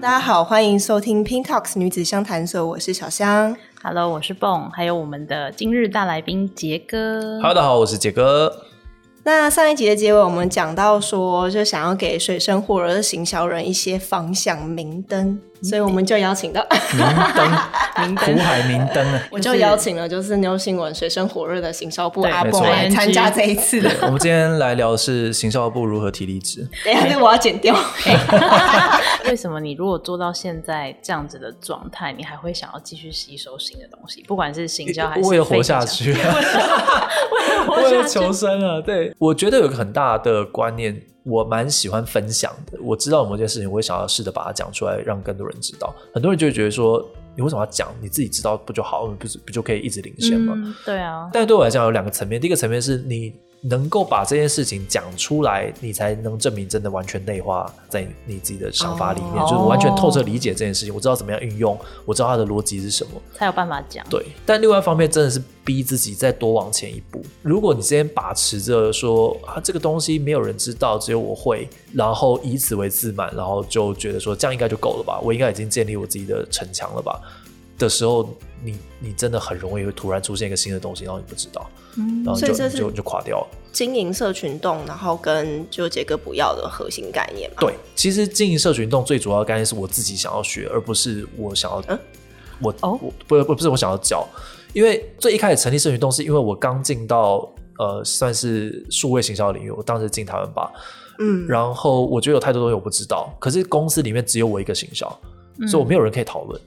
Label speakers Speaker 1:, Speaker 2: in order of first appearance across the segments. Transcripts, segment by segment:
Speaker 1: 大家好，歡迎收聽 PinkTalks 女子相談所，我是小香。Hello，我是 Boom，還有我們的今日大來賓杰哥。Hello，大
Speaker 2: 家好，我是杰哥。
Speaker 1: 那上一集的結尾，我們講到說，就想要給水深火熱的行銷人一些方向明燈。所以我們就邀請到明燈、苦 海
Speaker 2: 明燈 我就
Speaker 1: 邀請了，就是牛新聞水深火熱的行銷部阿波來參加這一次的， 我的。我
Speaker 2: 們今天來聊的是行銷部如何提離職。等一下，那我要
Speaker 1: 剪掉。欸、 為什麼你
Speaker 3: 如果做到現在這樣子的狀態，你還會想要繼續吸收新的東西？不管是行銷還是銷、欸、了 為了什麼 活下去，為了為了
Speaker 2: 求生啊！對，我覺得有個很大的觀念。我蠻喜歡分享的，我知道某件事情，我會想要試着把它講出來，讓更多人知道。很多人就會覺得說，你為什麼要講？你自己知道不就好？不不就可以一直領先嗎？嗯，對啊。但對我來講，有兩個層面，第一個層面是你能夠把這件事情講出來，你才能證明真的完全內化在你自己的想法裡面，哦、就是完全透徹理解這件事情。我知道怎麼樣運用，我知道它的邏輯是什麼，
Speaker 3: 才有辦法講。對，
Speaker 2: 但另外一方面真的是逼自己再多往前一步。如果你這邊把持着說啊，這個東西沒有人知道，只有我會，然後以此為自滿，然後就覺得說這樣應該就夠了吧？我應該已經建立我自己的城牆了吧？的時候，你你真的很容易會突然出現一個新的東西，然後你不知道，嗯、
Speaker 1: 然後你就你就就
Speaker 2: 垮掉了。
Speaker 1: 經營社群丼，然後跟就傑哥補藥的核心概念嘛。
Speaker 2: 對，其實經營社群丼最主要的概念是我自己想要學，而不是我想要嗯，我、oh? 我不不不是我想要教。因為最一開始成立社群丼，是因為我剛進到呃，算是數位行銷的領域，我當時進他們吧，嗯，然後我覺得有太多東西我不知道，可是公司裡面只有我一個行銷，所以我沒有人可以討論。嗯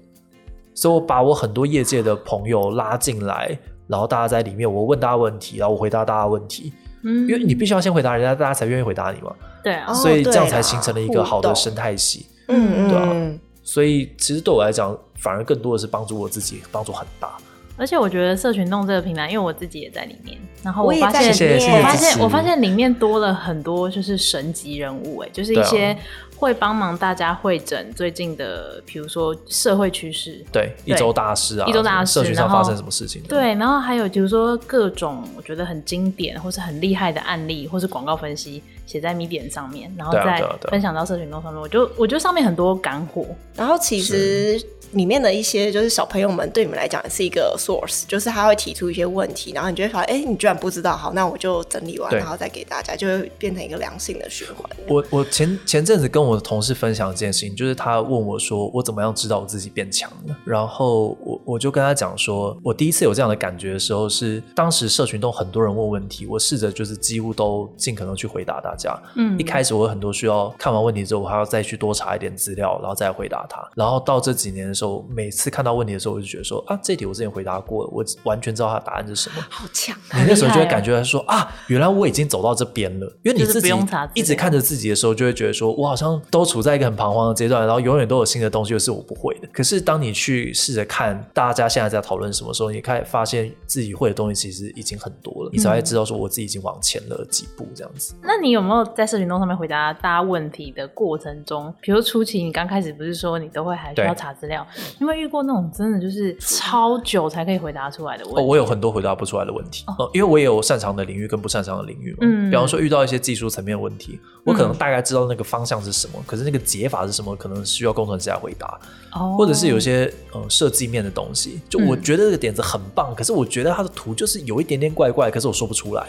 Speaker 2: 所以，我把我很多業界的朋友拉進來，然後大家在裡面，我問大家問題，然後我回答大家問題。嗯，因為你必須要先回答人家，大家才願意回答你嘛。
Speaker 3: 對，所以這樣才形成了一個好的生態系。哦，對啦，嗯嗯，對
Speaker 2: 啊，所以，其實對我來講，反而更多的是幫助我自己，幫助很大。
Speaker 3: 而且我覺得社群丼這個平台，因為我自己也在裡面，然後我發現我，我發現，謝謝謝謝我，發現我發現裡面多了很多就是神級人物，欸，哎，就是一些會幫忙大家彙整最近的，比如說社會趨勢，對，
Speaker 2: 對一周大事啊，一周大事，社群上發生什麼事情，對，
Speaker 3: 然後還有比如說各種我覺得很經典或是很厲害的案例，或是廣告
Speaker 1: 分析，寫在 Medium 上面，然後再分享到社群丼上面，我就我覺得上面很多乾貨，然後其實。裡面的一些就是小朋友們對你們來講是一個 source，就是他會提出一些問題，然後你就會發現，哎、欸，你居然不知道，好，那我就整理完，然後再給大家，就會變成一個良性的循環。
Speaker 2: 我我前前陣子跟我的同事分享一件事情，就是他問我說，我怎麼樣知道我自己變強了？然後我我就跟他講說，我第一次有這樣的感覺的時候是，是當時社群都很多人問問題，我試着就是幾乎都盡可能去回答大家。嗯，一開始我有很多需要看完問題之後，我還要再去多查一點資料，然後再回答他。然後到這幾年的時候。每次看到問題的時候，我就覺得說啊，這一題我之前回答過，了，我完全知道他答案是什麼。好強！啊。你那時候就會感覺說啊，啊，原來我已經走到這邊了。因為你自己一直看着自己的時候，就會覺得說，我好像都處在一個很彷徨的階段，然後永遠都有新的東西就是我不會的。可是當你去試着看大家現在在討論什麼時候，你開始發現自己會的東西其實已經很多了。嗯、你才會知道說，我自己已經往前了幾步這樣子。
Speaker 3: 那你有沒有在社群丼上面回答大家問題的過程中，比如初期你剛開始不是說你都會還需要查資料？因為遇過那種真的就是超久才可以回答出來
Speaker 2: 的問題。哦、我有很多回答不出來的問題。哦、因為我也有擅長的領域跟不擅長的領域嘛。嗯、比方說遇到一些技術層面的問題，嗯，我可能大概知道那個方向是什麼，可是那個解法是什麼，可能需要工程師來回答。
Speaker 3: 哦、或者是有一些
Speaker 2: 嗯設計面的東西，就我覺得這個點子很棒，嗯，可是我覺得它的圖就是有一點點怪怪，可是我說不出來。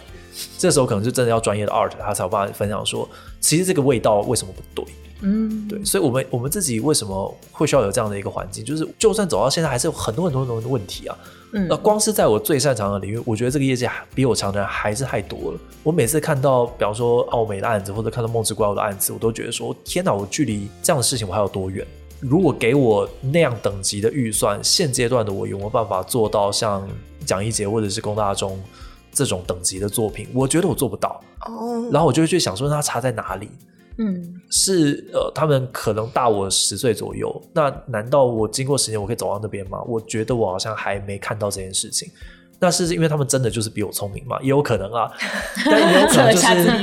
Speaker 2: 這時候可能就真的要專業的 art 他才有辦法分享說。其實這個味道為什麼不對？嗯，對，所以我們我們自己為什麼會需要有這樣的一個環境？就是就算走到現在，還是有很多,很多很多很多的問題啊。嗯，那光是在我最擅長的領域，我覺得這個業界還比我強的人還是太多了。我每次看到，比方說奧美的案子，或者看到夢之怪物的案子，我都覺得說：天哪！我距離這樣的事情我還有多遠？如果給我那樣等級的預算，現階段的我有沒有辦法做到像蔣一杰或者是龔大中？這種等級的作品，我覺得我做不到。Oh. 然後我就會去想說它差在哪裡。嗯，是、呃、他們可能大我十歲左右。那難道我經過十年，我可以走到那邊嗎？我覺得我好像還沒看到這件事情。那是因為他們真的就是比我聰明嗎？也有可能啊， 但也有可能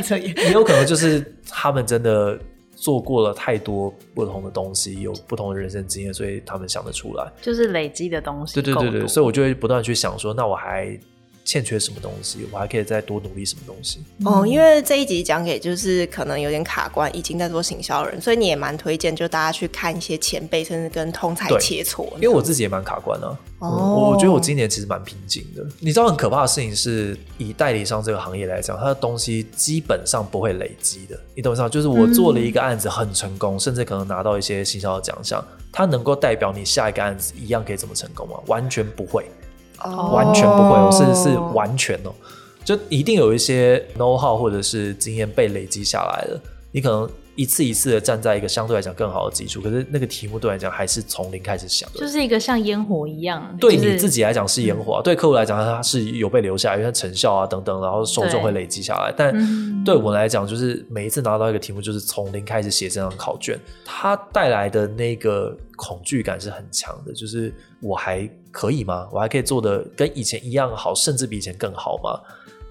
Speaker 2: 就是 也有可能就是他們真的做過了太多不同的東西，有不同的人生經驗，所以他們想得出來，
Speaker 3: 就是累積的東西。對對對對，
Speaker 2: 所以我就會不斷去想說，那我還。欠缺什麼東西，我還可以再多努力什麼東西？
Speaker 1: 哦，因為這一集講給就是可能有點卡關，已經在做行銷人，所以你也蠻推薦就大家去看一些前輩，甚至跟通才切磋。因為我自
Speaker 2: 己也蠻卡關啊。哦、嗯嗯，我覺得我今年其實蠻平靜的。你知道很可怕的事情是，以代理商這個行業來講，他的東西基本上不會累積的。你懂我意思？就是我做了一個案子很成功，嗯、甚至可能拿到一些行銷的獎項，它能夠代表你下一個案子一樣可以怎麼成功嗎、啊？完全不會。完全不會、哦，我、oh. 是是完全哦，就一定有一些 know-how，或者是經驗被累積下來的，你可能。一次一次的站在一個相對來講更好的基礎，可是那個題目對我來講還是從零開始想的，就
Speaker 3: 是一個像煙火一樣。對你自
Speaker 2: 己來講是煙火、啊就是，對客戶來講它是有被留下、嗯，因為它成效啊等等，然後受眾會累積下來。對。但對我來講，就是每一次拿到一個題目，就是從零開始寫這張考卷，它帶來的那個恐懼感是很強的。就是我還可以嗎？我還可以做的跟以前一樣好，甚至比以前更好嗎？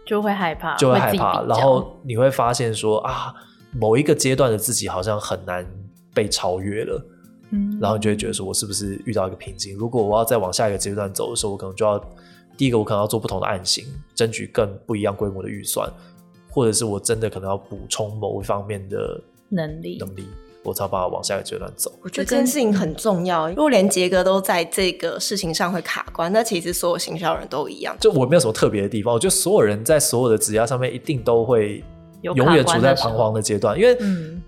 Speaker 3: 就會害怕，就會害怕。然後
Speaker 2: 你會發現說啊。某一個階段的自己好像很難被超越了，
Speaker 3: 嗯，然後你就
Speaker 2: 會覺得說，我是不是遇到一個瓶頸？如果我要再往下一個階段走的時候，我可能就要第一個，我可能要做不同的案型，爭取更不一樣規模的預算，或者是我真的可能要補充某一方面的
Speaker 1: 能力。能
Speaker 2: 力，我才把它往下一個階段走。我覺得這件
Speaker 1: 事情很重要。如果連杰哥都在這個事情上會卡關，那其實所有行銷人
Speaker 2: 都一樣。就我沒有什麼特別的地方，我覺得所有人在所有的職業上面一定都會。永遠處在彷徨的階段，因為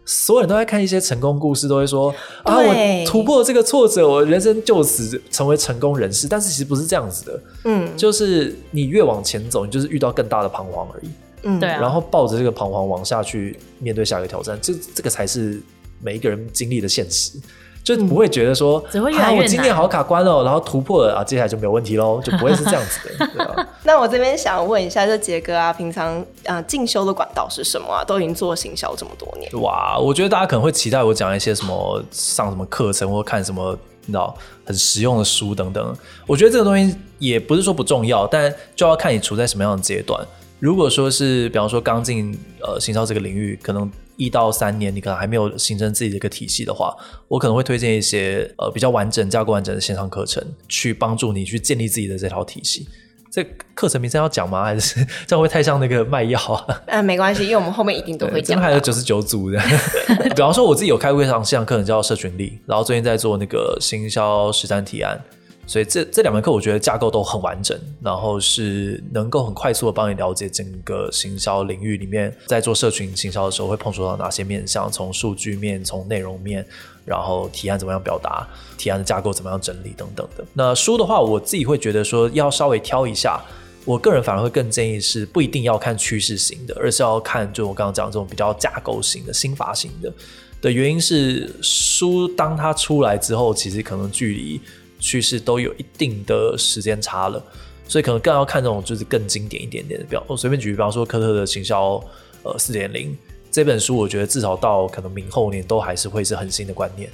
Speaker 2: 所有人都在看一些成功故事，都會說、
Speaker 1: 嗯、啊，我突
Speaker 2: 破這個挫折，我人生就此成為成功人士。但是其實不是這樣子的，嗯，就是你越往前走，你就是遇到更大的彷徨而已，嗯，對啊、然後抱着這個彷徨往下去面對下一個挑戰，這這個才是每一個人經歷的現實。就不會覺得說、嗯，只會越來越難，啊，我今天好卡關哦，然後突破了，啊，接下來就沒有問題嘍，就不會是這樣子的。
Speaker 1: 對，那我這邊想問一下，就杰哥啊，平常啊進、呃、修的管道是什麼啊？都已經做行銷這麼多
Speaker 2: 年，哇，我覺得大家可能會期待我講一些什麼，上什麼課程或看什麼，你知道很實用的書等等。我覺得這個東西也不是說不重要，但就要看你處在什麼樣的階段。如果說是，比方說剛進呃行銷這個領域，可能一到三年，你可能還沒有形成自己的一個體系的話，我可能會推薦一些呃比較完整、架構完整的線上課程，去幫助你去建立自己的這套體系。這課程名稱要講嗎？還是這樣會太像那個賣藥
Speaker 1: 啊？呃，沒關係，因為我們後面一定都會講。
Speaker 2: 還有九十九組的， 比方說我自己有開過一場線上課程叫《社群力》，然後最近在做那個行銷實戰提案。所以這這兩門課我覺得架構都很完整，然後是能夠很快速地幫你了解整個行銷領域裡面，在做社群行銷的時候會碰觸到哪些面向，從數據面，從內容面，然後提案怎麼樣表達，提案的架構怎麼樣整理等等的。那書的話，我自己會覺得說要稍微挑一下，我個人反而會更建議是不一定要看趨勢型的，而是要看就我剛剛講這種比較架構型的心法型的，的原因是書當它出來之後，其實可能距離趨勢都有一定的時間差了，所以可能更要看這種就是更經典一點點的表，我隨便舉比方說科特的行《行銷呃四點零》這本書，我覺得至少到可能明後年都還是會是很新的觀念。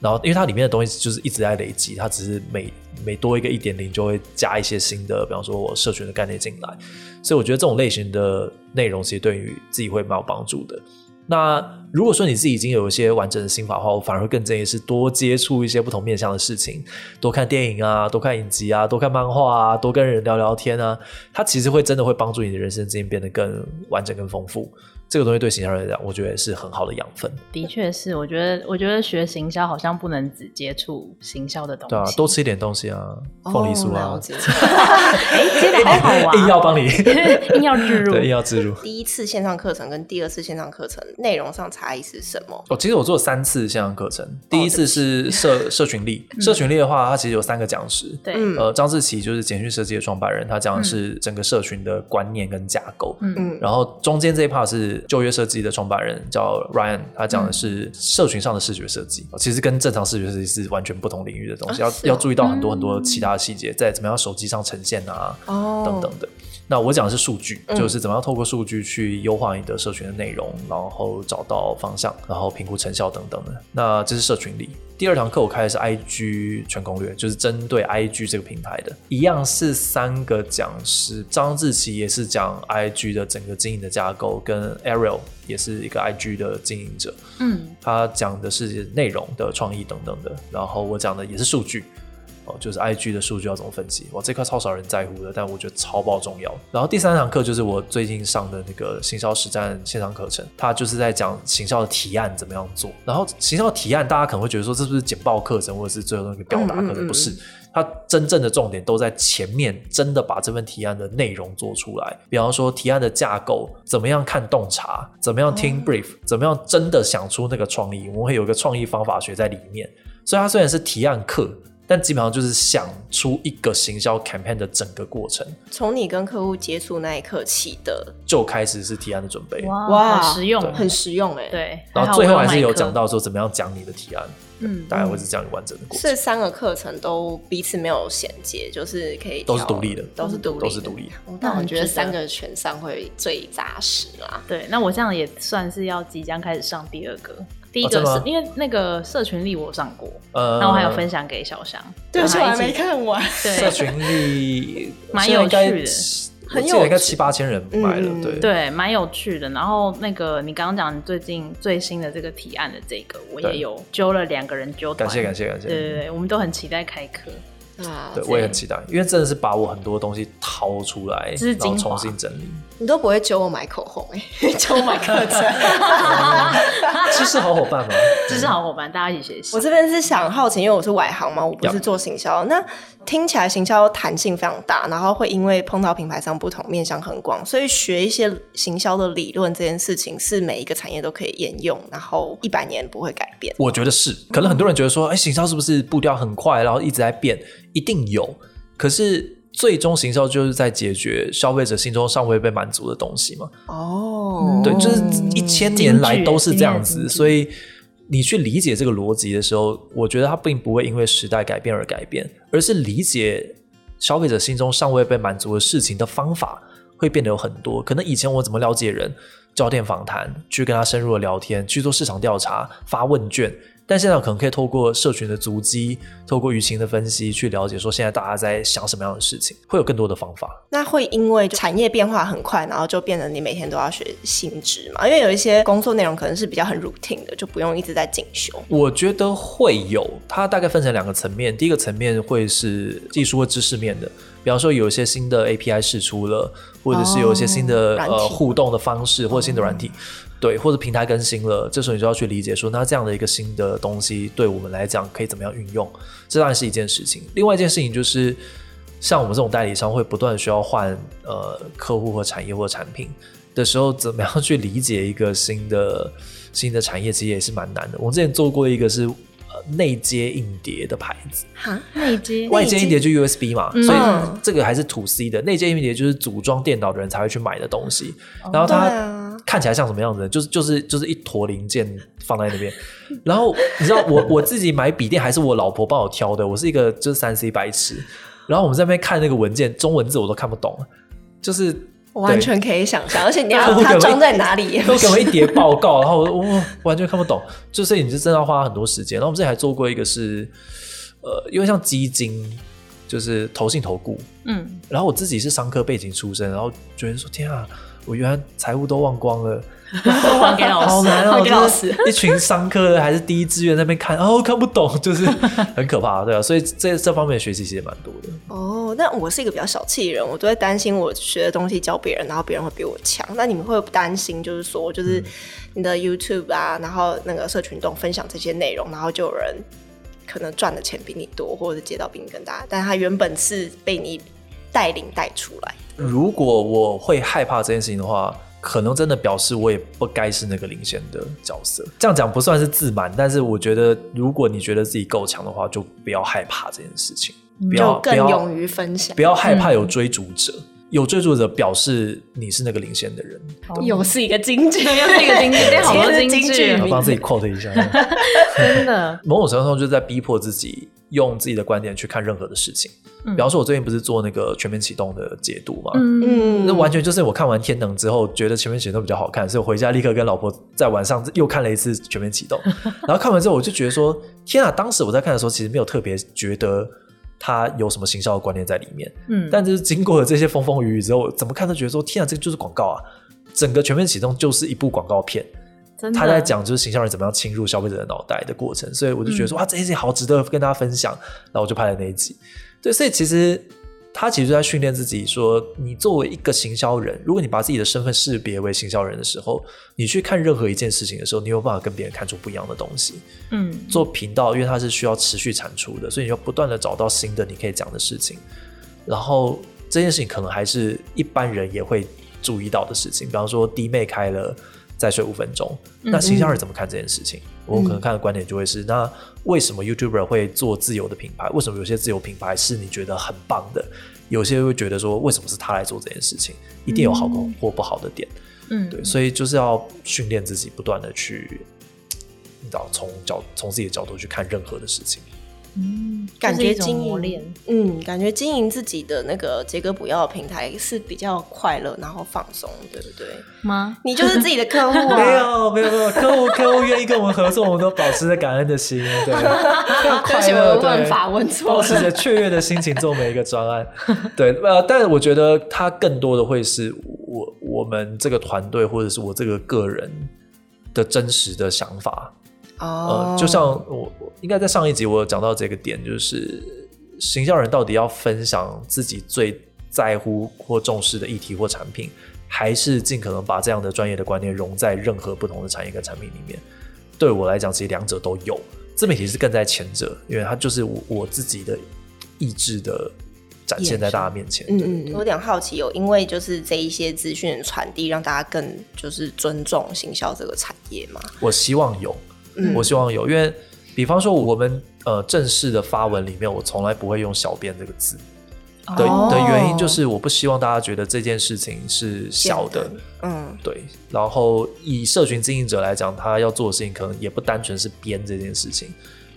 Speaker 2: 然後因為它裡面的東西就是一直在累積，它只是每每多一個一點零就會加一些新的，比方說我社群的概念進來，所以我覺得這種類型的內容其實對於自己會蠻有幫助的。那如果說你自己已經有一些完整的心法的話，我反而會更建議是多接觸一些不同面向的事情，多看電影啊，多看影集啊，多看漫畫啊，多跟人聊聊天啊，它其實會真的會幫助你的人生經驗變得更完整、更豐富。這個東西對行銷人來講，我覺得是很好的養分。
Speaker 3: 的確是，我覺得我覺得學行銷好像不能
Speaker 1: 只接觸行銷的東西，對啊，
Speaker 2: 多吃一點東西啊，鳳、哦、梨酥啊。哎，今 天、欸、還好玩、哦。硬要幫你， 硬要植入。對，硬要植入。
Speaker 1: 第一次線上課程跟第二次線上課程內容上差異是什麼？
Speaker 2: 哦，其實我做了三次線上課程，第一次是社、哦、社群力、 嗯，社群力的話，它其實有三個講師，對，嗯、呃，張志祺就是簡訊設計的創辦人，他講的是整個社群的觀念跟架構，嗯，嗯然後中間這一 part 是。就業設計的創辦人叫 Ryan，他講的是社群上的視覺設計，其實跟正常視覺設計是完全不同領域的東西，要要注意到很多很多其他的細節，在怎麼樣手機上呈現啊
Speaker 1: ，oh. 等等
Speaker 2: 的。那我講的是數據、嗯，就是怎麼樣透過數據去優化你的社群的內容，然後找到方向，然後評估成效等等的。那這是社群丼第二堂課，我開的是 IG 全攻略，就是針對 IG 這個平台的，一樣是三個講師，張、嗯、志奇也是講 IG 的整個經營的架構，跟 Ariel 也是一個 IG 的經營者，嗯，他講的是內容的創意等等的，然後我講的也是數據。就是 I G 的數據要怎麼分析？哇，這塊超少人在乎的，但我覺得超爆重要。然後第三堂課就是我最近上的那個行銷實戰現場課程，它就是在講行銷的提案怎麼樣做。然後行銷的提案，大家可能會覺得說，這是不是簡報課程，或者是最後那個表達？可、嗯、能、嗯嗯、不是，它真正的重點都在前面，真的把這份提案的內容做出來。比方說，提案的架構怎麼樣看洞察，怎麼樣聽 brief，、哦、怎麼樣真的想出那個創意，我們會有一個創意方法學在裡面。所以，它雖然是提案課。但基本上就是想出一個行銷 campaign 的整個過程，
Speaker 1: 從你跟客戶接觸那一刻起的
Speaker 2: 就開始是提案的準備。Wow, 哇，很實用，
Speaker 1: 很實用哎。對，然後最後還是有講到
Speaker 2: 說怎麼樣講你的提案。對嗯，大概會是講完整的過
Speaker 1: 程。這三個課程都彼此沒有銜接，就是可以都是獨立的，都是獨立的、嗯，都是獨立的。但我覺得三個全上會最扎實啦、啊。對，那我這樣也
Speaker 3: 算是要即將開始上第二個。第一個是、哦、因為那個社群力我有上過，呃、嗯，然後還有分享給小香，對，我還沒
Speaker 1: 看完。對，社群
Speaker 2: 力蠻有趣的，很有趣。現在應該七八千人買了，對、
Speaker 3: 嗯、對，蠻有趣的。然後那個你剛剛講你最近最新的這個提案的這個，我也有揪了兩個人揪團，感謝感謝感謝，對對對，我們都很期待開課。啊、對，我也很
Speaker 2: 期待，因為真的是把我很多東西掏出來，然後重新整理。
Speaker 1: 你都不會揪我買口紅誒，
Speaker 2: 揪我買課程，這是好夥伴嗎？
Speaker 1: 這是好夥伴，大家一起學習。 我這邊是想好奇，因為我是外行嘛，我不是做行銷，那。聽起來行銷彈性非常大，然後會因為碰到品牌商不同，面向很廣，所以學一些行銷的理論這件事情，是每一個產業都可以沿用，然後一百年不會改
Speaker 2: 變。我覺得是，可能很多人覺得說、嗯，哎，行銷是不是步調很快，然後一直在變，一定有。可是最終行銷就是在解決消費者心中尚未被滿足的東西嘛。哦，對，就是一千年來都是這樣子，所以。你去理解這個邏輯的時候，我覺得它並不會因為時代改變而改變，而是理解消費者心中尚未被滿足的事情的方法會變得有很多。可能以前我怎麼了解人，焦點訪談，去跟他深入的聊天，去做市場調查，發問卷。但現在可能可以透過社群的足跡，透過輿情的分析去了解，說現在大家在想什麼樣的事情，會有更多的方法。
Speaker 1: 那會因為產業變化很快，然後就變得你每天都要學新知嘛？因為有一些工作內容可能是比較很 routine 的，就不用一直在進修。
Speaker 2: 我覺得會有，它大概分成兩個層面，第一個層面會是技術和知識面的。比方說，有一些新的 API 釋出了，或者是有一些新的，哦、呃互動的方式，或者新的軟體、哦嗯，對，或者平台更新了，這時候你就要去理解說，那這樣的一個新的東西，對我們來講可以怎麼樣運用，這當然是一件事情。另外一件事情就是，像我們這種代理商會不斷需要換呃客戶或產業或產品的時候，怎麼樣去理解一個新的新的產業，其實也是蠻難的。我們之前做過一個是。內接硬碟的牌子，哈，內
Speaker 1: 接，內接外接硬碟
Speaker 2: 就 U S B 嘛、嗯哦，所以這個還是 2C 的。內接硬碟就是組裝電腦的人才會去買的東西，嗯，然後它看起來像什麼樣子哦？就是就是就是一坨零件放在那邊。 然後你知道我我自己買筆電還是我老婆幫我挑的，我是一個就是三 C 白痴。然後我們在那邊看那個文件，中文字我都看不懂，就是。
Speaker 1: 我完全可以想象，而且你要他裝在哪裡？都給我一
Speaker 2: 疊報告， 然後我完全看不懂。所以你就是你是真的要花很多時間。然後我們之前還做過一個是，呃，因為像基金就是投信投顧，嗯，然後我自己是商科背景出身，然後覺得說天啊，我原來財務都忘光了。還給老師，好難老真，就是，一群商科還是第一志願那邊看哦，看不懂，就是很可怕，對吧、啊？所以這這方面的學習其實蠻多的。
Speaker 1: 哦、oh,，那我是一個比較小氣的人，我都在擔心我學的東西教別人，然後別人會比我強。那你們會不擔心，就是說，就是你的 YouTube 啊，然後那個社群丼分享這些內容，然後就有人可能賺的錢比你多，或者是接到比你更大，但他原本是被你帶領帶
Speaker 2: 出來。如果我會害怕這件事情的話，可能真的表示我也不該是那個領先的角色。這樣講不算是自滿，但是我覺得，如果你覺得自己夠強的話，就不要害怕這件事情，不要更勇
Speaker 1: 於分享不，不要害怕
Speaker 2: 有追逐者。嗯有追逐者，表示你是那個領先的人，
Speaker 1: 又、哦、是一個金句，又 是一個金
Speaker 3: 句， 好多
Speaker 2: 金句，我幫自己 quote 一下。 真的，某種程度上就在逼迫自己用自己的觀點去看任何的事情。嗯、比方說，我最近不是做那個《全面啟動》的解讀嘛，嗯，那完全就是我看完《天能》之後覺得《全面啟動》比較好看，所以我回家立刻跟老婆在晚上又看了一次《全面啟動，》 然後看完之後我就覺得說，天啊，當時我在看的時候其實沒有特別覺得。他有什麼行銷的觀念在裡面、嗯？但就是經過了這些風風雨雨之後，怎麼看都覺得說，天啊，這個、就是廣告啊！整個全面啟動就是一部廣告片，他在講就是行銷人怎麼樣侵入消費者的腦袋的過程，所以我就覺得說、嗯，哇，這些好值得跟大家分享。然後我就拍了那一集，對，所以其實。他其實在訓練自己說，說你作為一個行銷人，如果你把自己的身份識別為行銷人的時候，你去看任何一件事情的時候，你有辦法跟別人看出不一樣的東西。嗯，做頻道，因為它是需要持續產出的，所以你要不斷的找到新的你可以講的事情。然後這件事情可能還是一般人也會注意到的事情，比方說弟妹開了。再睡五分鐘，
Speaker 1: 那行銷人怎
Speaker 2: 麼看這件事情？嗯嗯，我可能看的觀點就會是：那為什麼 YouTuber 會做自有的品牌？為什麼有些自有品牌是你覺得很棒的？有些會覺得說，為什麼是他來做這件事情？一定有好或不好的點，嗯，嗯，對，所以就是要訓練自己，不斷的去，你知道，從角從自己的角度去看任何的事情。嗯、就是，感覺
Speaker 1: 經營，嗯，感覺經營自己的那個傑哥補藥平台是比較快樂，然後放鬆，對不對？嗎？你就是自己的客戶沒、啊、有，
Speaker 2: 沒有，沒有，客戶，客戶願意跟我們合作， 我們都保持着感恩的心，對。就喜歡問法
Speaker 1: 問錯，保持着
Speaker 2: 雀躍的心情做每一個專案， 對。呃，但是我覺得它更多的會是我我們這個團隊，或者是我這個個人的真實的想法。
Speaker 1: 哦、oh. 呃，就像
Speaker 2: 我應該在上一集我有講到這個點，就是行銷人到底要分享自己最在乎或重視的議題或產品，還是盡可能把這樣的專業的觀念融在任何不同的產業跟產品裡面？對我來講，其實兩者都有，自媒體是更在前者，嗯、因為它就是我我自己的意志的展現在大家面前。嗯嗯，有
Speaker 1: 點好奇有，哦，因為就是這一些資訊傳遞，讓大家更就是尊重行銷
Speaker 2: 這個產業嘛。我希望有。我希望有，因為比方說我們呃，正式的發文裡面，我從來不會用“小編”這個字的、oh. 的原因，就是我不希望大家覺得這件事情是小的，嗯、yeah.，對。然後以社群經營者來講，他要做的事情可能也不單純是編這件事情。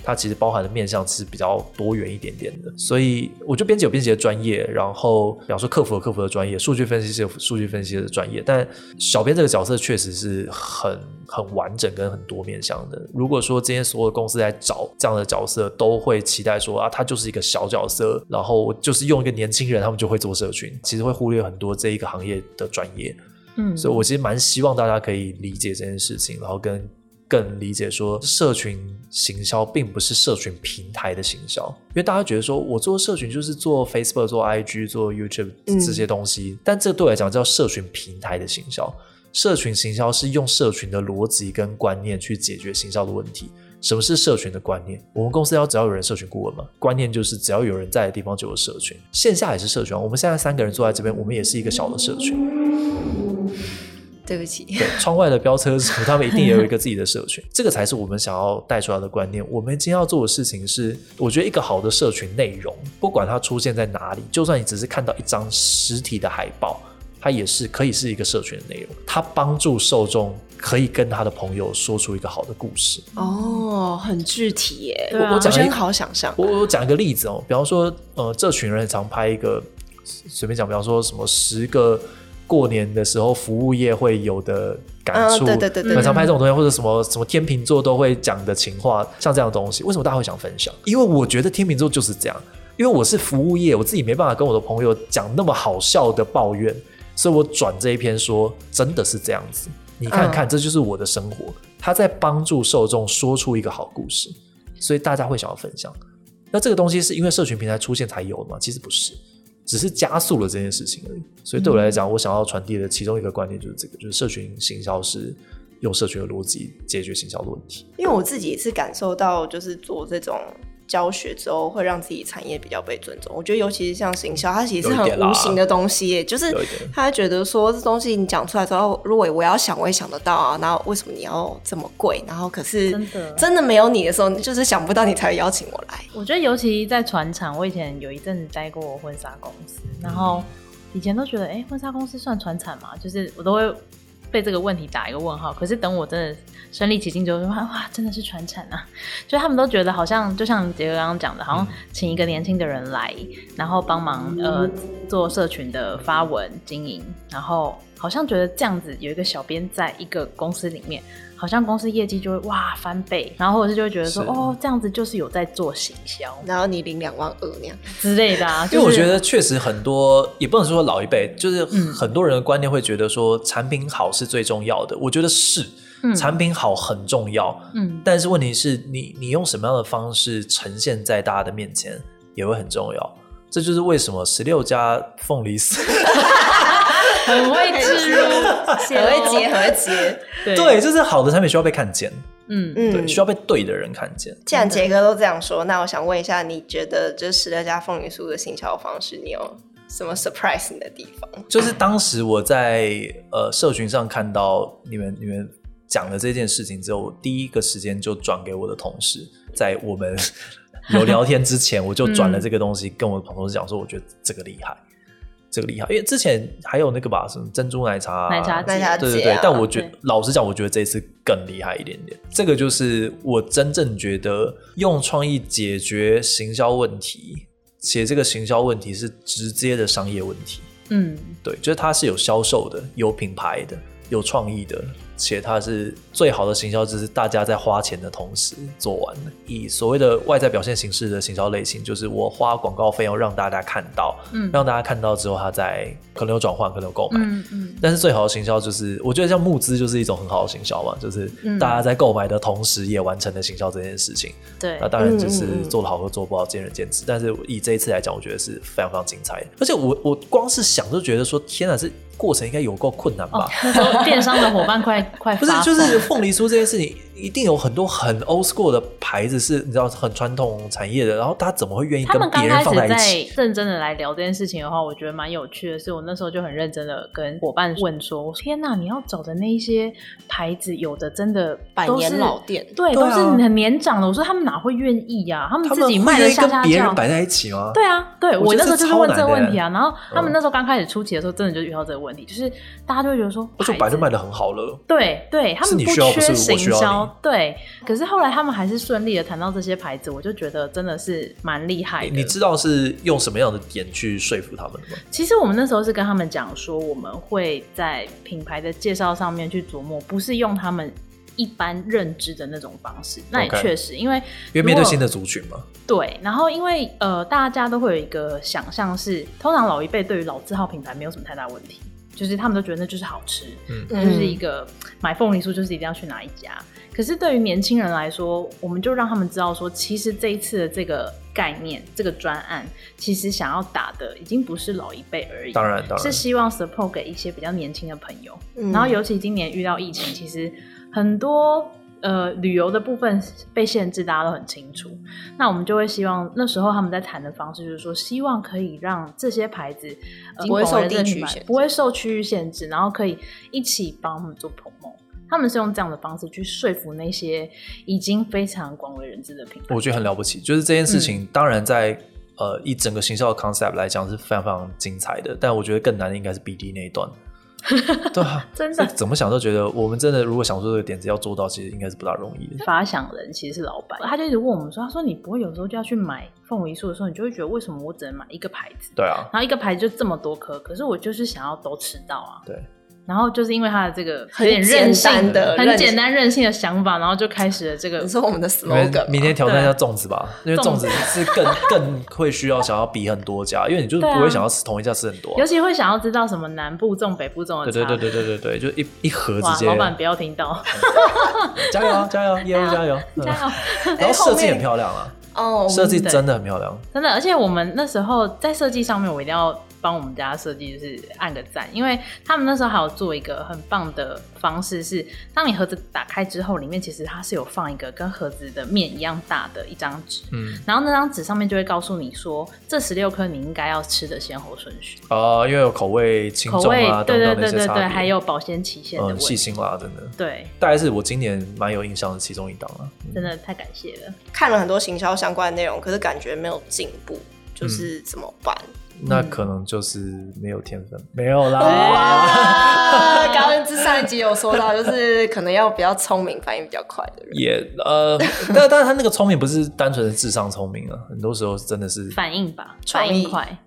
Speaker 2: 它其實包含的面向是比較多元一點點的，所以我就編輯有編輯的專業，然後比方說客服有客服的專業，數據分析是有數據分析的專業，但小編這個角色確實是很很完整跟很多面向的。如果說今天所有的公司在找這樣的角色，都會期待說啊，他就是一個小角色，然後就是用一個年輕人，他們就會做社群，其實會忽略很多這一個行業的專業。嗯，所以我其實蠻希望大家可以理解這件事情，然後跟。更理解說，社群行銷並不是社群平台的行銷，因為大家覺得說，我做社群就是做 Facebook、做 IG、做 YouTube 這些東西，嗯，但這對我來講叫社群平台的行銷。社群行銷是用社群的邏輯跟觀念去解決行銷的問題。什麼是社群的觀念？我們公司要只要有人社群顧問嘛？觀念就是只要有人在的地方就有社群，線下也是社群。我們現在三個人坐在這邊，我們也是一個小的社群。
Speaker 1: 對不起，對
Speaker 2: 窗外的飆車族，他們一定也有一個自己的社群， 這個才是我們想要帶出來的觀念。我們今天要做的事情是，我覺得一個好的社群內容，不管它出現在哪裡，就算你只是看到一張實體的海報，它也是可以是一個社群的內容。它幫助受眾可以跟他的朋友說出一個好的故事。
Speaker 1: 哦，很具體耶，我、啊、我講一個好像好
Speaker 2: 想象，我我講一個例子哦，比方說，呃，這群人常拍一個，隨便講，比方說什麼十個。過年的時候，服務業會有的感觸，很、哦、對對對對常拍這種東西，嗯嗯，或者什麼什麼天秤座都會講的情話，像這樣的東西，為什麼大家會想分享？因為我覺得天秤座就是這樣，因為我是服務業，我自己沒辦法跟我的朋友講那麼好笑的抱怨，所以我轉這一篇說，真的是這樣子，你看看，嗯、這就是我的生活。他在幫助受眾說出一個好故事，所以大家會想要分享。那這個東西是因為社群平台出現才有的嗎？其實不是。只是加速了這件事情而已，所以對我來講，嗯，我想要傳遞的其中一個觀點就是這個，就是社群行銷是用社群的邏輯解決行銷的問題。
Speaker 1: 因為我自己也是感受到，就是做這種。教學之後會讓自己產業比較被尊重，我覺得尤其是像行銷，它其實是很無形的東西，欸，就是他覺得說這東西你講出來之後，如果我要想我也想得到啊，那為什麼你要這麼貴？然後可是真的真的沒有你的時候，就是想不到你，才會邀請我來。
Speaker 3: 我覺得尤其在船廠，我以前有一陣子待過婚紗公司，然後以前都覺得哎，欸，婚紗公司算船廠嘛，就是我都會。被這個問題打一個問號，可是等我真的身歷其境之後，說哇，真的是傳產啊！就他們都覺得好像，就像傑哥剛剛講的，好像請一個年輕的人來，然後幫忙呃做社群的發文經營，然後好像覺得這樣子有一個小編在一個公司裡面。好像公司業績就會哇翻倍，然後或者是就會覺得說哦這樣子就是有在做行
Speaker 1: 銷，然後你領兩萬二那樣之類的、啊就是。因為我覺
Speaker 2: 得確實很多，也不能說老一輩，就是很多人的觀念會覺得說產品好是最重要的。我覺得是，產品好很重要。嗯，但是問題是你你用什麼樣的方式呈現在大家的面前也會很重要。這就是為什麼十六家鳳梨絲。 很會植 很會結合傑。對，就是好的產品需要被看見。嗯嗯，對，需要被對的人看見。既然傑
Speaker 1: 哥都這樣說，那我想問一下，你覺得就是六家加鳳梨酥的行銷方式，你有什麼 surprising 的地
Speaker 2: 方？就是當時我在呃社群上看到你們你們講的這件事情之後，我第一個時間就轉給我的同事，在我們有 聊，聊天之前，我就轉了這個東西，跟我的朋友講說，我覺得這個厲害。這個厲害，因為之前還有那個吧，什麼珍珠奶茶、啊、奶茶姐、對對對。啊、但我覺得，老實講，我覺得這次更厲害一點點。這個就是我真正覺得用創意解決行銷問題，且這個行銷問題是直接的商業問題。嗯，對，就是它是有銷售的，有品牌的。有創意的，且它是最好的行銷，就是大家在花錢的同時做完以所謂的外在表現形式的行銷類型，就是我花廣告費要讓大家看到，嗯，讓大家看到之後，它在可能有轉換，可能有購買，嗯，嗯，但是最好的行銷就是，我覺得像募資就是一種很好的行銷嘛，就是大家在購買的同時也完成了行銷這件事情。對、嗯，那當然就是做得好和做不好，見仁見智。但是以這一次來講，我覺得是非常非常精彩。而且我我光是想就覺得說，天哪、啊，是。過程應該有夠困難吧？哦、那時候電商的夥伴
Speaker 3: 快快 不是，就是
Speaker 2: 鳳梨酥這件事情，一定有很多很 old school 的牌子，是，是你知道很傳統產業的。然後他怎麼會願意跟別人放在一起？
Speaker 3: 在認真的來聊這件事情的話，我覺得蠻有趣的是，我那時候就很認真的跟夥伴問說：“天哪、啊，你要找的那一些牌子，有的真的百年老店，對，對啊、都是很年長的。”我說他們哪會願意呀、啊？他們自己賣的跟別人擺
Speaker 2: 在一起嗎？對啊，對我，我那時候就是問這個問題啊。然
Speaker 3: 後他們那時候剛開始初期的時候，真的就遇到這個問題。就是大家就會覺得說，這
Speaker 2: 白就賣得很好了。
Speaker 3: 對對，他們不需要不是行銷，對。可是後來他們還是順利的談到這些牌子，我就覺得真的是蠻厲害的。的、欸。你知
Speaker 2: 道是用什麼樣的點去說服他們嗎？
Speaker 3: 其實我們那時候是跟他們講說，我們會在品牌的介紹上面去琢磨，不是用他們一般認知的那種方式。那也確實，因為因為面對新的族群嘛。對，然後因為呃，大家都會有一個想象是，通常老一輩對於老字號品牌沒有什麼太大問題。就是他們都覺得那就是好吃，
Speaker 1: 嗯、就是一個
Speaker 3: 買鳳梨酥就是一定要去哪一家。嗯、可是對於年輕人來說，我們就讓他們知道說，其實這一次的這個概念、這個專案，其實想要打的已經不是老一輩而已，
Speaker 2: 當然，當然，是希
Speaker 3: 望 support 給一些比較年輕的朋友、嗯。然後尤其今年遇到疫情，其實很多。呃，旅遊的部分被限制，大家都很清楚。那我們就會希望那時候他們在談的方式，就是說希望可以讓這些牌子、呃、不會受地區、嗯、不會受區域限制，限制，然後可以一起幫他們做 promo。他們是用這樣的方式去說服那些已經非常廣為人知的品牌。
Speaker 2: 我覺得很了不起，就是這件事情。嗯、當然在，在呃一整個行銷的 concept 來講是非常非常精彩的，但我覺得更難的應該是 BD 那一段。
Speaker 3: 對啊，真的，
Speaker 2: 怎麼想都覺得，我們真的如果想做這個點子要做到，其實應該是不大容易的。發
Speaker 3: 想人其實是老板，他就一直問我們說：“他說你不會有時候就要去買鳳梨酥的時候，你就會覺得為什麼我只能買一個牌子？對啊，然後一個牌子就這麼多顆，可是我就是想要都吃到啊。”對。然後就是因為他的這個很任性的、很簡單任性的想法，然後就開始了這個。是我們的 slogan 明天挑戰一下
Speaker 2: 粽子吧，因為粽子，子是更 更會需要想要比很多家，因為你就是不會想要吃同一家吃很多，啊啊。尤
Speaker 3: 其會想要知道什麼南部粽、北部粽的。對對對
Speaker 2: 對對對對，就一一盒之間、啊。老闆不要聽到，加油加油！業務加油！加油！加油加油，嗯、加
Speaker 3: 油，然後設計很漂亮啊。哦，設計真的很漂亮，哦。真的，而且我們那時候在設計上面，我一定要。幫我們家設計就是按個讚，因為他們那時候還有做一個很棒的方式是，是當你盒子打開之後，裡面其實它是有放一個跟盒子的面一樣大的一張紙，嗯，然後那張紙上面就會告訴你說這十六顆你應該要吃的先後順序。
Speaker 2: 啊，因為有口味輕重、啊、味啊等等那些差別、對對對對還
Speaker 1: 有保鮮期限的問細
Speaker 2: 心啦，真、嗯、的。對，大概是我今年蠻有印象的其中一檔了、
Speaker 1: 啊嗯。真的太感謝了。看了很多行銷相關的內容，可是感覺沒有進步，就是、嗯、怎麼辦？
Speaker 2: 那可能就是沒有天分，嗯、沒有啦。
Speaker 1: 哇， 剛剛上一集有說到，就是可能要比較聰明、 反應比較快的
Speaker 2: 人。也、yeah, 呃， 但但是他那個聰明不是單純的智商聰明啊， 很多時候真的是
Speaker 1: 反應吧，反應快。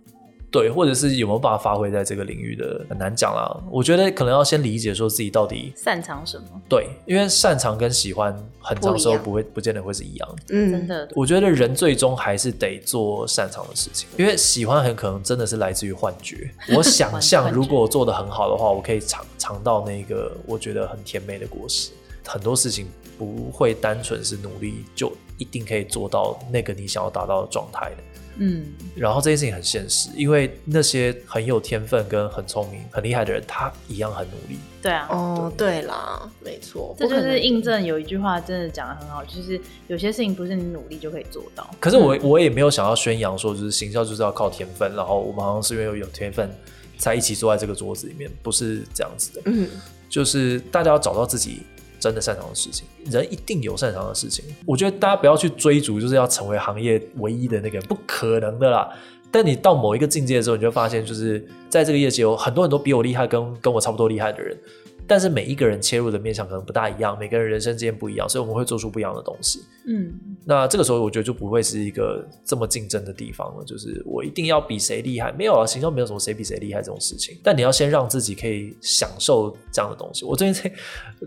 Speaker 2: 對，或者是有沒有辦法發揮在這個領域的，很難講啦。我覺得可能要先理解說自己到底
Speaker 3: 擅長什麼。
Speaker 2: 對，因為擅長跟喜歡，很長時候不會不，不見得會是一樣。嗯，真的對。我覺得人最終還是得做擅長的事情，因為喜歡很可能真的是來自於幻覺。我想象，如果我做的很好的話，我可以嘗嘗到那個我覺得很甜美的果實。很多事情不會單純是努力就一定可以做到那個你想要達到的狀態的。嗯，然後這件事情很現實，因為那些很有天分跟很聰明、很厲害的人，他一樣很努力。
Speaker 1: 對啊，對對哦，對啦，沒錯，這就
Speaker 3: 是印證有一句話真的講得很好，就是有些事情不是你努力就可以做到。嗯、可是我
Speaker 2: 我也沒有想要宣揚說，就是行銷就是要靠天分，然後我們好像是因為有天分才一起坐在這個桌子裡面，不是這樣子的。嗯，就是大家要找到自己。真的擅長的事情，人一定有擅長的事情。我覺得大家不要去追逐，就是要成為行業唯一的那個人，不可能的啦。但你到某一個境界的時候，你就發現，就是在這個業界有很多很多比我厲害跟、跟跟我差不多厲害的人。但是每一個人切入的面向可能不大一樣，每個人人生之間不一樣，所以我們會做出不一樣的東西。嗯，那這個時候我覺得就不會是一個這麼競爭的地方了，就是我一定要比誰厲害，沒有啊，行銷沒有什麼誰比誰厲害這種事情。但你要先讓自己可以享受這樣的東西。我最近在，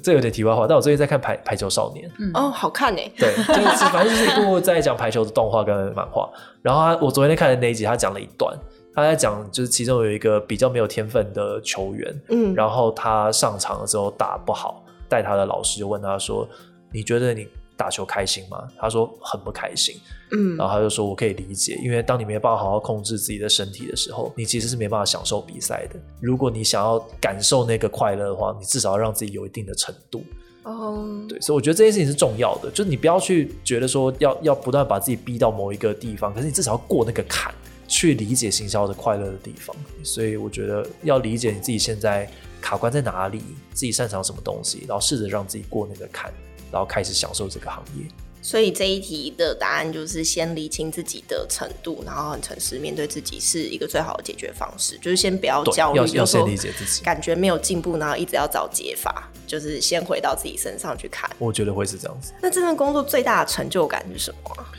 Speaker 2: 這有點題外話，但我最近在看排排球少年。
Speaker 1: 嗯，哦，好看呢、欸。對，就是，反
Speaker 2: 正就是一部在講排球的動畫跟漫畫。 然後他，我昨天看的那一集，他講了一段。他在講，就是其中有一個比較沒有天分的球員，嗯，然後他上場了之後打不好，帶他的老師就問他說：“你覺得你打球開心嗎？”他說：“很不開心。”嗯，然後他就說：“我可以理解，因為當你沒辦法好好控制自己的身體的時候，你其實是沒辦法享受比賽的。如果你想要感受那個快樂的話，你至少要讓自己有一定的程度。
Speaker 1: 哦，嗯，
Speaker 2: 對，所以我覺得這件事情是重要的，就是你不要去覺得說要要不斷把自己逼到某一個地方，可是你至少要過那個坎。”去理解行銷的快樂的地方，所以我覺得要理解你自己現在卡關在哪裡，自己擅長什麼東西，然後試着讓自己過那個坎，然後開始享受這個行業。
Speaker 1: 所以這一題的答案就是先理清自己的程度，然後很誠實面對自己，是一個最好的解決方式。就是先不要焦慮，要先理解自己，就是、感覺沒有進步，然後一直要找解法，就是先回到自己身上去
Speaker 2: 看。我覺得會是這樣子。
Speaker 1: 那這份工作最大的成就感是什麼啊？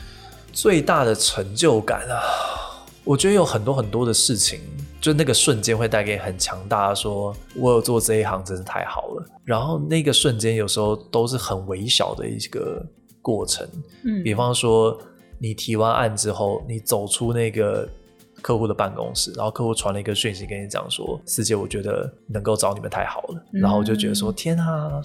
Speaker 2: 最大的成就感啊！我覺得有很多很多的事情，就那個瞬間會帶給你很強大的說，我有做這一行，真是太好了。然後那個瞬間有時候都是很微小的一個過程，嗯、比方說你提完案之後，你走出那個客戶的辦公室，然後客戶傳了一個訊息跟你，講說師姐，世界我覺得能夠找你們太好了。嗯、然後我就覺得說天啊，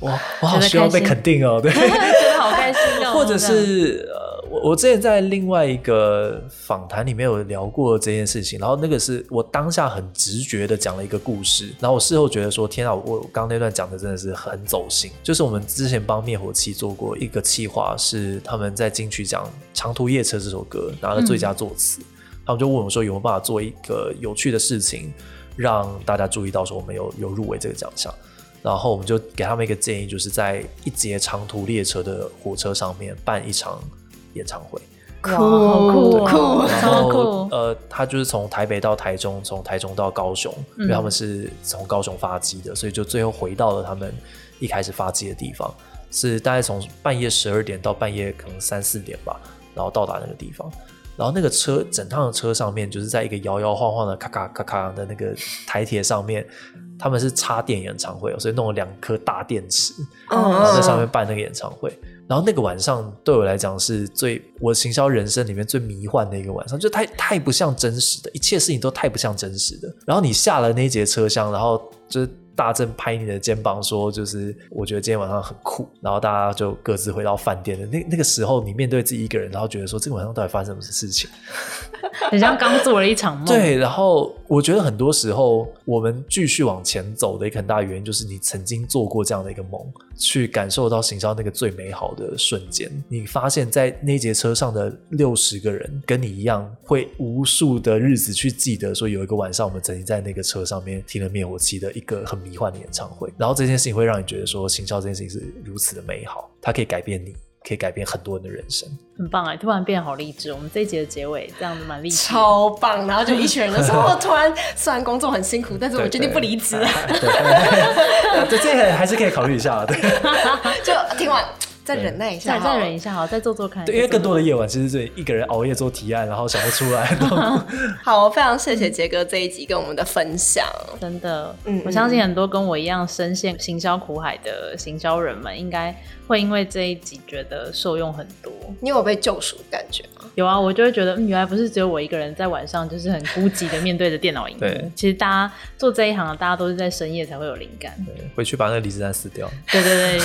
Speaker 2: 我我好希望被肯定哦，對，真、嗯、的、嗯、好開心哦， 或者是。我我之前在另外一個訪談裡面有聊過這件事情，然後那個是我當下很直覺的講了一個故事，然後我事後覺得說，天啊，我剛那段講的真的是很走心。就是我們之前幫滅火器做過一個企劃，是他們在金曲獎《長途夜車》這首歌拿了最佳作詞。嗯，他們就問我說有沒有辦法做一個有趣的事情讓大家注意到說我們有有入圍這個獎項，然後我們就給他們一個建議，就是在一節長途列車的火車上面辦一場。演唱會，
Speaker 3: 酷酷酷，然後酷
Speaker 2: 呃，他就是從台北到台中，從台中到高雄，嗯、因為他們是從高雄發跡的，所以就最後回到了他們一開始發跡的地方。是大概從半夜十二點到半夜可能三四點吧，然後到達那個地方。然後那個車整趟的車上面就是在一個搖搖晃晃的咔咔咔咔咔的那個台鐵上面，他們是插電演唱會，所以弄了兩顆大電池，哦、然後在上面辦那個演唱會。哦哦然後那個晚上對我來講是最我行銷人生裡面最迷幻的一個晚上，就太太不像真實的，一切事情都太不像真實的。然後你下了那一節車廂，然後就是。大正拍你的肩膀說：“就是我覺得今天晚上很酷。”然後大家就各自回到飯店的那那個時候，你面對自己一個人，然後覺得說：“這個晚上到底發生什麼事情？”
Speaker 3: 很像剛做了一場夢。 對，
Speaker 2: 然後我覺得很多時候，我們繼續往前走的一個很大原因，就是你曾經做過這樣的一個夢，去感受到行銷那個最美好的瞬間。你發現，在那節車上的六十個人，跟你一樣，會無數的日子去記得，說有一個晚上，我們曾經在那個車上面聽了滅火器的一個很明奇幻的演唱會，然後這件事情會讓你覺得說，行銷這件事情是如此的美好，它可以改變你，可以改變很多人的人生，
Speaker 3: 很棒哎、欸！突然變得好勵志，我們
Speaker 1: 這一集的結尾這樣子蠻勵志，超棒。然後就一群人的時候， 我突然雖然工作很辛苦，但是我決定不離職，
Speaker 2: 對，對，對，這、啊 啊、還是可以考慮一下。
Speaker 1: 對 就聽完。再忍耐一下，再忍一下好，再做做看。對，因為更多的夜
Speaker 2: 晚，其實是一個人熬夜做提案，然後想要出來。
Speaker 1: 好，我非常謝謝傑哥這一集跟我們的分享，
Speaker 3: 真的，嗯，嗯，我相信很多跟我一樣深陷行銷苦海的行銷人們應該會因為這一集覺得受用很多，你有被救贖感覺嗎？有啊，我就會覺得，嗯，原來不是只有我一個人在晚上就是很孤寂的面對着電腦螢幕 對，其實大家做這一行的，大家都是在深夜才會有靈感。對，
Speaker 2: 回去把那個李子丹撕掉。對對
Speaker 3: 對，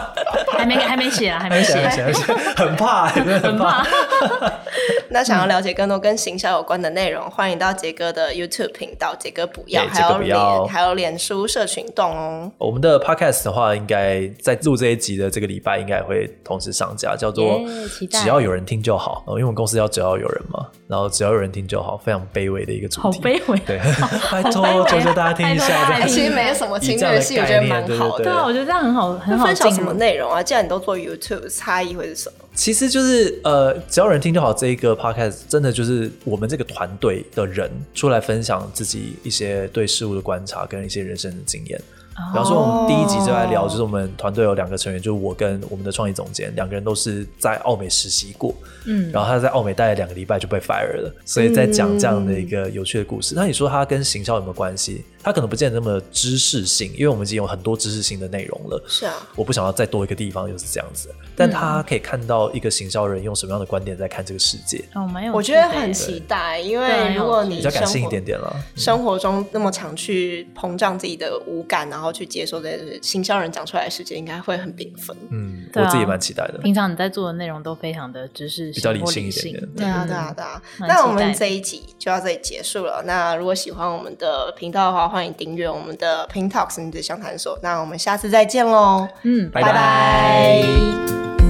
Speaker 1: 還沒還沒寫啊，還沒寫。寫
Speaker 2: 很，、欸、很怕， 很怕。
Speaker 1: 那想要了解更多跟行銷有關的內容、嗯，歡迎到傑哥的 YouTube 頻道，傑哥補藥，、欸、這個不要，還有臉，還有臉書社群丼哦。
Speaker 2: 我們的 Podcast 的話，應該在錄這一集的這個。禮拜應該也會同時上架，叫做只要有人聽就好。嗯、因為我們公司要只要有人嘛，然後只要有人聽就好，非常卑微的一個主題。好卑微， 拜託求求大家聽一下。這哎、其實沒什麼侵略性，我覺得蠻好的對對對。對啊，
Speaker 1: 我覺得這樣很好，很好。分享什麼內容啊？既然你都做 YouTube，差異會是什麼？
Speaker 2: 其實就是呃，只要有人聽就好。這一個 Podcast 真的就是我們這個團隊的人出來分享自己一些對事物的觀察跟一些人生的經驗。比方說，我們第一集就在聊，哦，就是我們團隊有兩個成員，就是我跟我們的創意總監，兩個人都是在奧美實習過，嗯，然後他在奧美待了兩個禮拜就被 fire 了，所以在講這樣的一個有趣的故事，嗯。那你說他跟行銷有沒有關係？他可能不見得那麼知識性，因為我們已經有很多知識性的內容了。是啊，我不想要再多一個地方又，就是這樣子。但他可以看到一個行銷人用什麼樣的觀點在看這個世界。哦，
Speaker 1: 沒有，我覺得很期待，因為如果你比較感性一點點了，嗯，生活中那麼常去膨脹自己的五感，然後去接受這些行銷人講出來的世界，應該會很繽紛。嗯對，啊，我自己也蠻期待的。平常你在做的內容都非常的知識性，比較理性，一點點理性，對對對，對啊，對啊，對啊，對啊。那我們這一集就到這裡結束了。那如果喜歡我們的頻道的話，歡迎訂閱我們的 PinkTalks 女子相談所，那我們下次再見嘍，嗯，拜拜。Bye bye